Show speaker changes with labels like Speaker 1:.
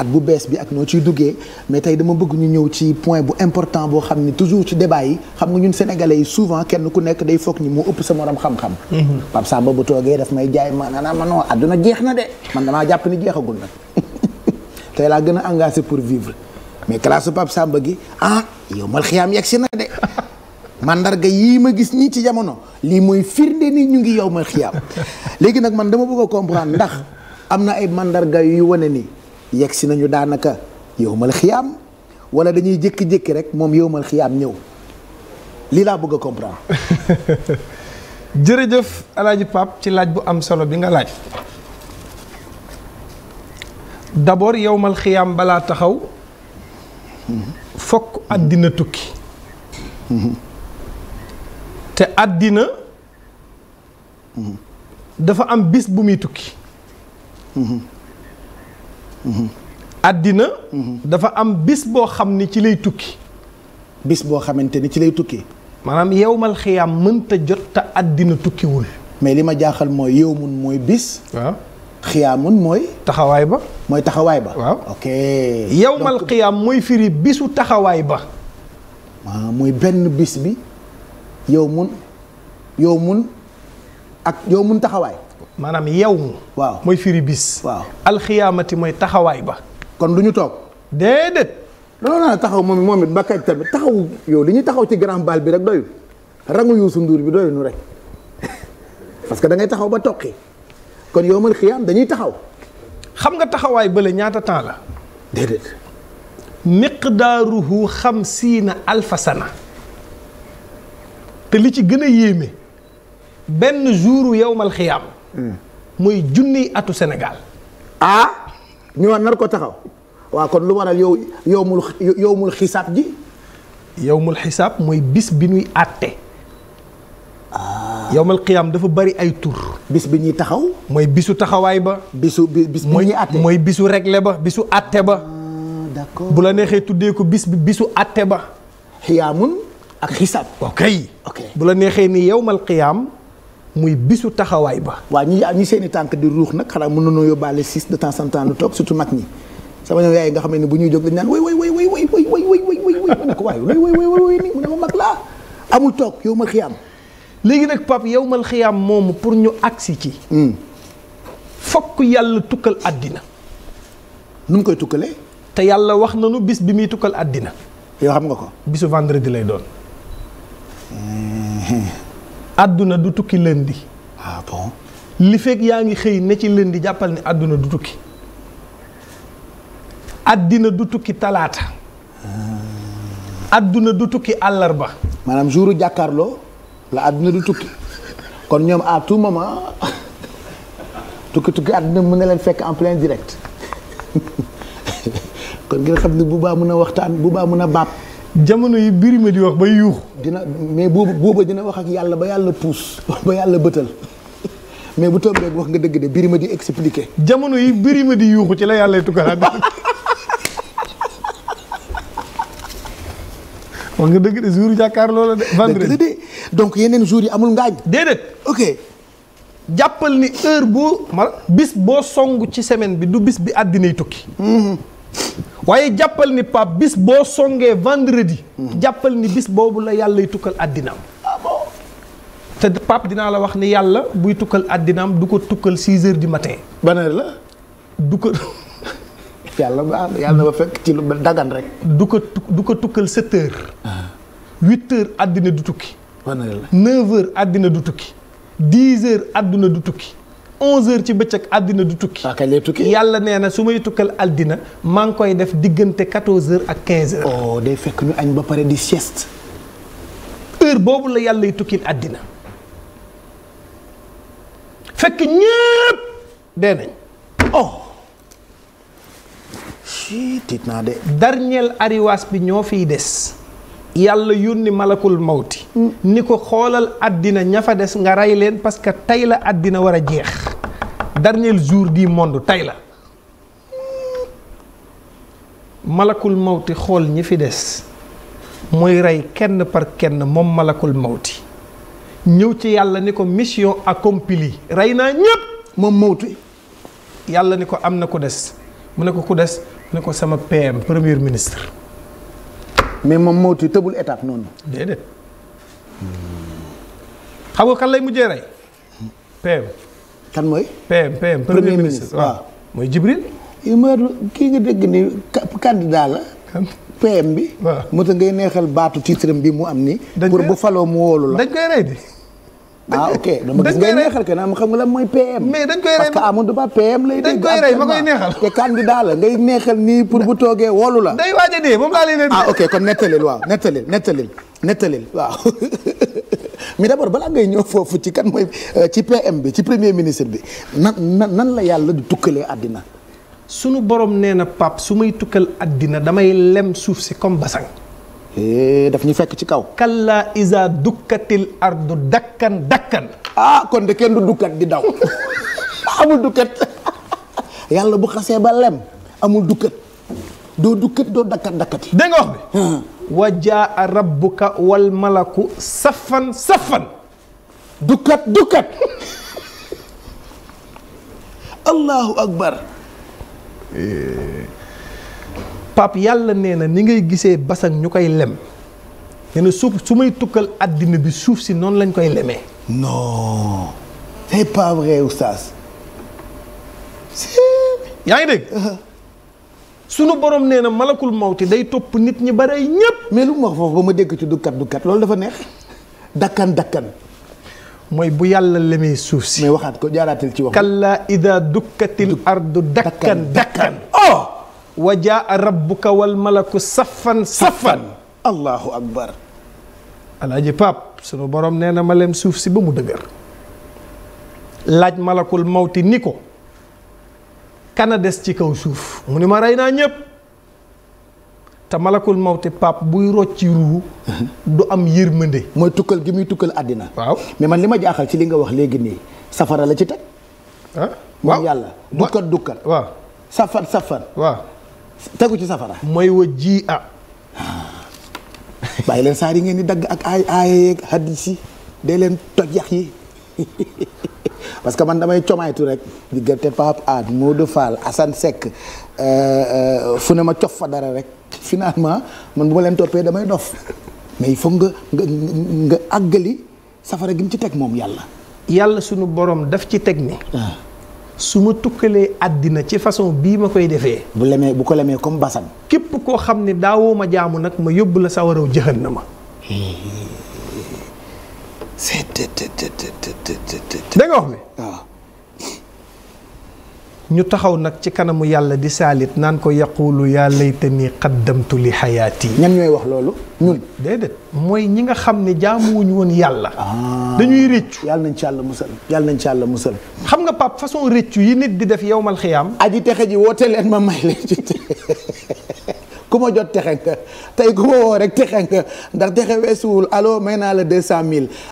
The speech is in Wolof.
Speaker 1: at bu bees bi ak noo ciy duggee mais tey dama bëgg ñu ñëw ci point bu important boo xam ni toujours ci débat yi xam nga ñun sénégalais yi souvent kenn ku nekk day foog ni moo ëpp sa morom xam-xam. Mhm. Pape Samba bu toogee daf may jaay maanaam man non àdduna jeex na de man damaa jàpp ni jeexagul nag laa gën a engagé pour vivre mais classe Pape Samba gi ah yow mal xiyaam si na de. mandarga yii ma gis nii ci jamono lii mooy firnde nii ñu ngi yow ma xiyaam léegi nag man dama bëgg a comprendre ndax am na ay mandarga yu wane nii yegg si nañu daanaka yowmal xiyaam wala dañuy jékki-jékki rek moom yowmal xiyaam ñëw lii laa bëgg a comprendre. jërëjëf Alaaji Pape ci laaj bu am solo bi nga laaj d'abord yowmal xiyaam balaa taxaw fokk àddina tukki te àddina dafa am bis bu muy tukki àddina dafa am bis boo xam ne ci lay tukki bis boo xamante ni ci lay tukki maanaam yowmal xiyaam mënta jot te àddina tukkiwul mais li ma jaaxal mooy yowmun mooy bis waaw xiyaamun mooy taxawaay ba mooy taxawaay ba waaw ok yowmal xiyaam mooy firi bisu taxawaay ba waaw ah, mooy benn bis bi yowmun yowmun ak yowmun taxawaay maanaam yawmu waaw mooy firi bis. waaw alxiyaamati mooy taxawaay ba. kon du ñu toog. déedéet. loolu naa taxaw moom moom it mbakka tamit taxaw yow li ñuy taxaw ci grand bal bi rek doyul rangu Youssou Ndour bi doyul nu rek parce que da ngay taxaw ba toqi kon yow mal xiyaam dañuy taxaw. xam nga taxawaay bële ñaata temps la. déedéet. xam xamsiina alfa sana te li ci gën a yéeme benn jouru yowmal xiyaam mooy junniy atu Sénégal. ah ñu nar ko taxaw waa kon lu waral yow yow mul yow mul xisaab ji. yow mul xisaab mooy bis bi ñuy àtte. Ah. yowmal qiyaam dafa bari ay tur. bis bi ñuy taxaw. mooy bisu taxawaay ba. bisu bis bi ñuy àtte mooy bisu réglé ba bisu àtte ba. Ah, d'accord bu la neexee tuddee ko bis bi bisu àtte ba. ak xisaab. ok bu la neexee ni yowmal qiyaam. muy bisu taxawaay ba. waaw ñi ñi seen i tànk di ruux nag xanaa mën nañoo yóbbaale six de temps en temps lu toog surtout mag ñi sama ñoom yaay nga xam ne bu ñuy jóg dañ naan woy woy woy woy woy woy woy woy woy woy woy mu ne ko waay woy woy woy woy nii mu ne ma mag laa amul toog yow ma xiyaam. léegi nag pap yow mal xiyaam moomu pour ñu agsi ci. fokk yàlla tukkal àddina. nu mu koy tukkalee. te yàlla wax nañu bis bi muy tukkal àddina. yoo xam nga ko. bisu vendredi lay doon. àdduna du tukki lëndi ah bon li fekk yaa ngi xëy ne ci lëndi jàppal ni àdduna du tukki àddina du tukki talaata ah. àdduna du tukki àllarba maanaam jouru jàkkaarloo la àdduna du tukki kon ñoom à tout moment tukki tukki àdduna mun na leen fekk en plein direct kon ngeen xam ne bu baa mën a waxtaan bu baa mën a baab jamono yi birima di wax bay yuuxu. dina mais boobu booba dina wax ak yàlla ba yàlla puus ba yàlla bëtal mais bu tombé wax nga dëgg de birima di expliquer. jamono yi birima di yuuxu ci la yàlla tukaraat wax nga dëgg de jour jàkkaarloo la de. vendredi donc yeneen jour yi amul ngaañ. déedéet ok. jàppal ni heure boo. bis boo song ci semaine bi du bis bi àddinay tukki. Mm-hmm. waaye jàppal ni Pape bis boo songee vendredi. jàppal ni bis boobu la yàllay tukkal àddinaam. te Pape dinaa la wax ni yàlla buy tukkal àddinaam du ko tukkal 6 heures di matin. ban la. du ko. yàlla baax fekk ci lu dagan rek. du ko du ko tukkal 7 heures. 8 ah. heures àddina du tukki. ban heure àddina du tukki. 10 heures àddina du tukki. onze heures ci bëccëg àddina du tukki. waaw ah, kañ lay tukki yàlla nee na su may tukkal àddina maa ngi koy def diggante quatorze heures ak quinze heures. oh day fekk ñu añ ba pare di sieste. heure boobu la yàlla lay tukkil àddina fekk ñëpp dee nañ. oh. si de. dernier arriwaas bi ñoo fiy des. yàlla yónni malakul mawti hmm. ni ko xoolal àddina ña fa des nga rey leen parce que tey la àddina war a jeex dernier jour du monde tey la malakul mawti xool ñi fi des muy rey kenn par kenn moom malakul mawti ñëw ci yàlla ni ko mission accomplie rey naa ñépp moom mawti yàlla ni ko am na ku des mu ne ko ku des ne ko sama PM premier ministre mais moom mawti tëbul étape noonu déedéet xam nga kan lay mujjee rey PM kan mooy. PM premier ministre waaw mooy Jibril. kii nga dégg ni candidat la. PM bi. waaw moo tax ngay neexal baatu titre bi mu am nii pour bu faloo mu wóolu la dañ koy rey de. ah ok dama gis ngay neexal kenn am xam nga la mooy PM. mais dañ koy rey parce que Amadou Ba PM lay. dañ koy rey ma koy neexal nii pour bu toogee wóolu la. day waaj a dee moom laa lay leen. ah ok kon nettalil waaw nettalil nettalil waaw. mi d' abord balaa ngay ñëw foofu ci kan mooy euh, ci PM bi ci premier ministre bi nan nan nan la yàlla du tukkalee àddina sunu borom nee na pap su may tukkal àddina damay lem suuf si comme basang eh, daf ñu fekk ci kaw kalla isa dukkatil ardu dakkan dakkan ah kon de kenn du dukkat di daw amul dukkat yàlla bu xasee ba lem amul dukkat doo dukkat doo dakkat dakkat yi wa jaa rabbuka wal malaku safan safan dukkat dukkat allahu akbar eh. pap yàlla nee na ni ngay gisee basan ñu koy lem nee na suuf su may tukkal àddina bi suuf si noonu lañ koy lemee non c'est pas vrai oustaz yaa ngi dégg uh-huh. sunu borom nee na malakul mawti day topp nit ñi bare ñépp mais lu mu wax foofu ba ma dégg ci dukkat dukkat loolu dafa neex dakkan dakkan mooy bu yàlla lemee suuf si mais waxaat ko jaaraatil ci wax kalla ida dukkatil ardu dakkan dakkan oh wa jaa rabbuka wal malaku safan safan allahu akbar alaaji pap sunu borom nee na ma suuf si ba mu dëgër laaj malakul mawti ni ko kana des ci kaw suuf mu ni ma rey naa ñépp te malakul mawti pap buy rocci ruu du am yërmande mooy tukkal gi muy tukkal àddina waaw mais man li ma jaaxal ci li nga wax léegi nii safara la ci teg ah moom yàlla dukkat dukkat waaw safar safar waaw tegu ci safara mooy wa ji a bàyyi leen saar yi ngeen di dagg ak ay ay ak hadis leen toj yax yi parce que man damay comaytu rek diggante Pape An Modou Fall Assane Seck euh, euh, fu ne ma cof fa dara rek finalement man bu ma leen toppee damay dof mais il nga nga nga àggali safara gi mu ci teg moom yàlla. yàlla sunu borom daf ci teg ni ah. su ma tukkalee àddina ci façon bii ma koy defee. bu lemee bu ko lemee comme basan. képp koo xam ne daawoo ma jaamu nag ma yóbbu la sawaraw jëxan na ma. da nga wax mi ah. ñu taxaw nag ci kanamu yàlla di saalit naan ko yaqulu yaa laytani qaddamtu li xayaati yi ñan ñooy wax loolu ñun déedéet mooy ñi nga xam ne jaamuwuñ woon yàlla ah. dañuy réccu yàlla nañ ci yàlla musal yàlla nañ ci yàlla musal xam nga pap façon réccu yi nit di def yowmal xiyaam aji texe ji woote leen ma may leen ci ku ma jot texe nga tey ku ma woo rek texe nga ndax texe weesuwul allo may naa la deux cent mille